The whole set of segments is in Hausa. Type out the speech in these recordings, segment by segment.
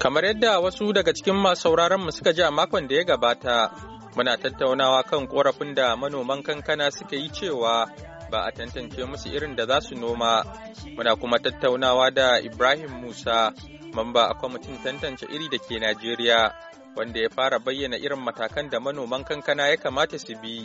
Kamar yadda wasu daga cikin masu sauraron mu suka ji a makon da ya gabata, muna tattaunawa kan korafin da manoman kankana suka yi cewa ba a tantance musu irin da za su noma. Muna kuma tattaunawa da Ibrahim Musa, mamba a kwamitin tantance iri da ke Najeriya, wanda ya fara bayyana irin matakan da manoman kankana ya kamata su bi.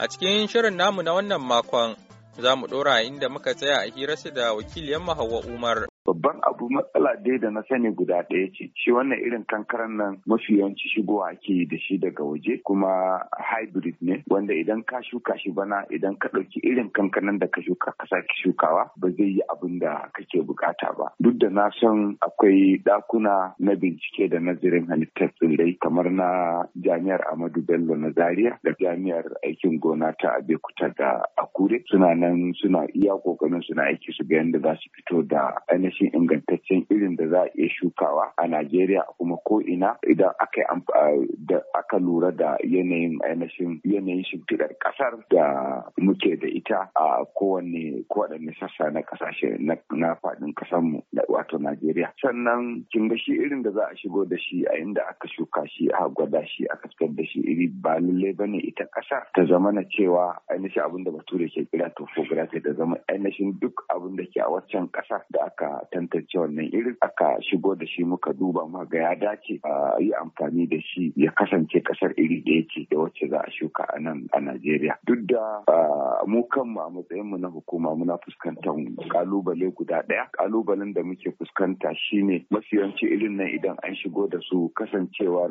A cikin shirin namu na wannan makon, za mu ɗora inda muka tsaya a su da wakiliyan Hauwa Umar Babban abu matsala dai da na sani guda ɗaya ce, shi wannan irin kankaran nan mafi yawanci shigowa ake da shi daga waje kuma hybrid ne wanda idan ka shuka shi bana idan ka ɗauki irin kankanan da ka shuka ka sake shukawa ba zai yi abin da kake bukata ba. Duk da na san akwai ɗakuna na bincike da nazarin halittar tsirrai kamar na jami'ar Amadu Bello na Zaria da jami'ar aikin gona ta Abekuta da Akure suna nan suna iya kokarin suna aiki su ga yadda za su fito da ainihin shi ingantaccen irin da za a iya shukawa a Najeriya kuma ko ina idan aka da aka lura da yanayin ainihin yanayin shimfiɗar kasar da muke da ita a kowanne kowanne sassa na ƙasashe na faɗin mu wato Najeriya. Sannan kin ga shi irin da za a shigo da shi a inda aka shuka shi a gwada shi aka fitar da shi iri ba lalle bane ita kasa ta zama na cewa ainihin abin da bature ke kira topography da zama ainihin duk abin da ke a waccan kasar da aka tantance wannan irin aka shigo da shi muka duba ma ga ya dace a yi amfani da shi ya kasance kasar iri da yake da wacce za a shuka a nan a Najeriya. Duk da mu kanmu a matsayin mu na hukuma muna fuskantar kalubale guda ɗaya. Kalubalen da muke fuskanta shine yawanci irin nan idan an shigo da su kasancewar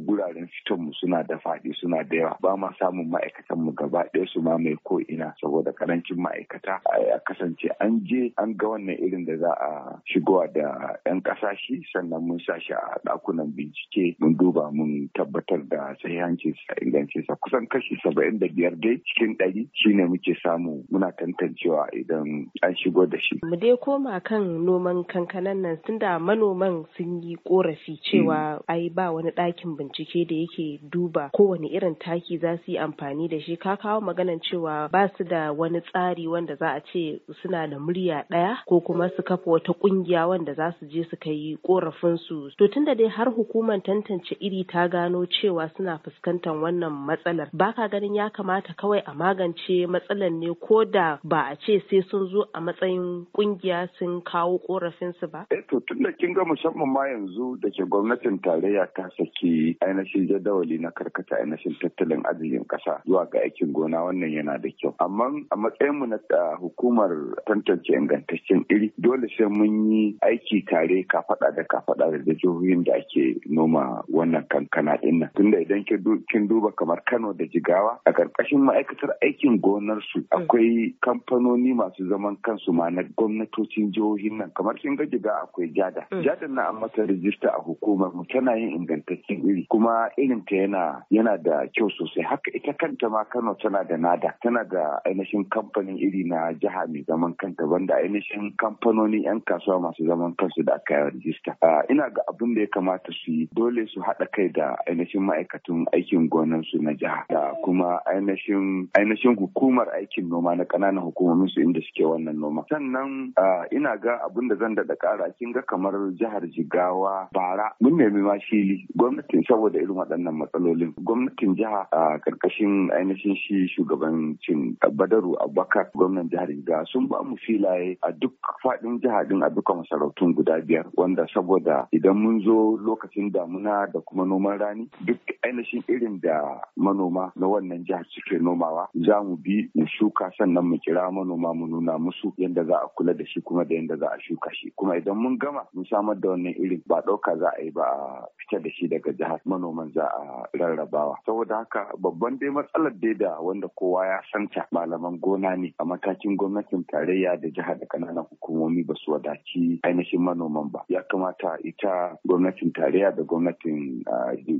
guraren mu suna da faɗi suna da yawa ba ma samun ma'aikatan mu gaba ɗaya su ma mai ko ina saboda karancin ma'aikata ya kasance an je an ga wannan irin da za a shigowa da 'yan kasashi sannan mun sa shi a dakunan bincike mun duba mun tabbatar da sahihancinsa ingancinsa kusan kashi saba'in da biyar dai cikin ɗari shine muke samu muna tantancewa idan an shigo da shi. Mu dai koma kan noman kankanan nan tunda manoman sun yi korafi cewa hmm. ai ba wani ɗakin bincike da yake duba kowane irin taki za su yi amfani da shi ka kawo maganan cewa ba su da wani tsari wanda za a ce suna da murya ɗaya ko kuma su su kafa wata kungiya wanda za su je su kai korafin su to tunda dai har hukumar tantance iri ta gano cewa suna fuskantar wannan matsalar baka ganin ya kamata kawai a magance matsalar ne ko da ba a ce sai sun zo a matsayin kungiya sun kawo korafin su ba eh, to tunda kin ga musamman ma yanzu da ke gwamnatin tarayya ta saki ainihin jadawali na karkata ainihin tattalin arzikin kasa zuwa ga aikin gona wannan yana da kyau amma a matsayin mu na hukumar tantance ingantaccen iri dole sai mun yi aiki tare ka kafaɗa da ka kafaɗa da jihohin da ake noma wannan kankana ɗin nan tunda idan kin duba kamar Kano da Jigawa a ƙarƙashin ma'aikatar aikin gonarsu, mm. akwai kamfanoni masu zaman kansu ma na gwamnatocin jihohin nan kamar kin ga Jigawa akwai Jada mm. Jada na an mata rijista a hukumar mu tana yin ingantaccen iri kuma irin yana yana da kyau sosai haka ita kanta ma Kano tana da nada tana da ainihin kamfanin iri na jiha mai zaman kanta banda ainihin kamfanin kamfanonin 'yan kasuwa masu zaman kansu da aka yi rijista. Ah, ina ga abin da ya kamata su yi dole su haɗa kai da ainihin ma'aikatan aikin gonansu na jiha da kuma ainihin hukumar aikin noma na ƙananan hukumomin su inda suke wannan noma. Sannan ah, ina ga abin da zan daɗa ƙara kin ga kamar jihar Jigawa bara mun nemi ma shili gwamnatin saboda irin waɗannan matsalolin gwamnatin jiha a ah, ƙarƙashin ainihin shi shugabancin Badaru Abubakar gwamnan jihar Jigawa sun ba mu filaye a duk faɗin fadin jiha din a duka masarautun guda biyar wanda saboda idan mun zo lokacin damuna da kuma noman rani duk ainihin irin da manoma na wannan jihar suke nomawa za mu bi mu shuka sannan mu kira manoma mu nuna musu yadda za a kula da shi kuma da yadda za a shuka shi kuma idan mun gama mun samar da wannan irin ba ɗauka za a yi ba a fita da shi daga jihar manoman za a rarrabawa saboda haka babban dai matsalar dai da wanda kowa ya santa malaman gona ne a matakin gwamnatin tarayya da jihar da kananan hukumomi ba su wadaci ainihin manoman ba ya kamata ita gwamnatin tarayya da gwamnatin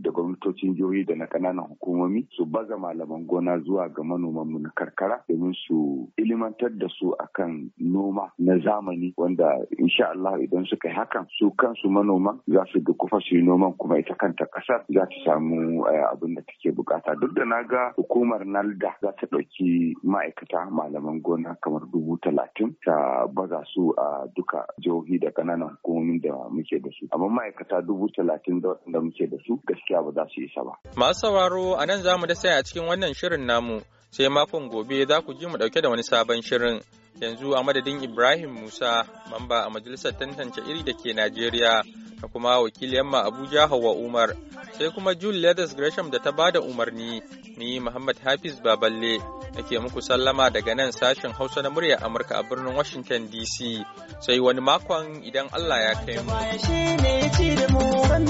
da gwamnatocin jihohi da na kananan hukumomi su baza malaman gona zuwa ga manoman mu na karkara domin su ilimantar da su akan noma na zamani wanda insha Allah idan suka yi hakan su kansu manoman za su da kufa su yi noman kuma ita kanta kasar za ta samu abin da take bukata duk da na ga hukumar nalda za ta ɗauki ma'aikata malaman gona kamar dubu talatin ta baza su a duka jihohi da kananan hukumomin da muke da su amma ma'aikata dubu talatin da waɗanda muke da su gaskiya ba za su isa ba. masu sauraro a nan za mu da sai a cikin wannan shirin namu sai makon gobe za ku ji mu ɗauke da wani sabon shirin yanzu a madadin ibrahim musa mamba a majalisar tantance iri da ke najeriya da kuma wakil yamma abuja hawa umar sai kuma jule leathers gresham da ta bada umarni ni muhammad hafiz baballe nake muku sallama daga nan sashen Hausa na murya Amurka a birnin Washington DC sai wani makon idan Allah ya kai mu.